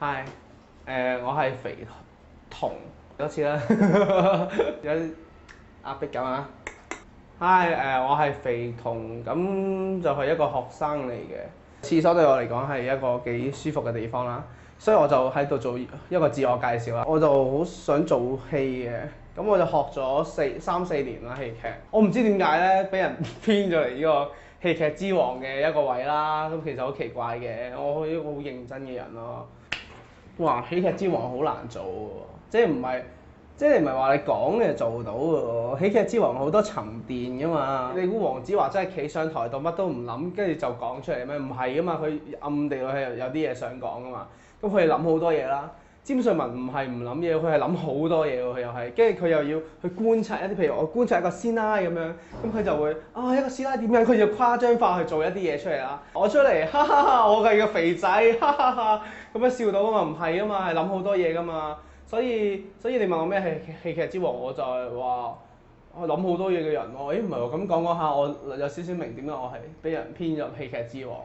hi、uh，我係肥彤，多次啦， 有啲壓迫咁啊！hi，誒、uh，我係肥彤。咁就係一個學生嚟嘅。廁所對我嚟講係一個幾舒服嘅地方啦，所以我就喺度做一個自我介紹啦。我就好想做戲嘅，咁我就學咗四三四年啦戲劇。我唔知點解咧，俾人編咗嚟呢個戲劇之王嘅一個位啦，咁其實好奇怪嘅。我係一個好認真嘅人咯。哇！喜劇之王好難做喎，即係唔係即係唔係話你講嘅就做到喎？喜劇之王好多沉澱㗎嘛。你估黃子華真係企上台度乜都唔諗，跟住就講出嚟咩？唔係㗎嘛，佢暗地裏係有啲嘢想講㗎嘛，咁佢諗好多嘢啦。詹瑞文唔係唔諗嘢，佢係諗好多嘢，佢又係，跟住佢又要去觀察一啲，譬如我觀察一個師奶咁樣，咁佢就會啊一個師奶點解佢要誇張化去做一啲嘢出嚟啊，我出嚟哈哈哈，我係個肥仔哈哈哈，咁樣笑到啊嘛，唔係啊嘛，係諗好多嘢噶嘛，所以所以你問我咩係戲劇之王，我就係話我諗好多嘢嘅人喎，誒唔係喎，咁講講下，我有少少明點解我係俾人編入戲劇之王喎。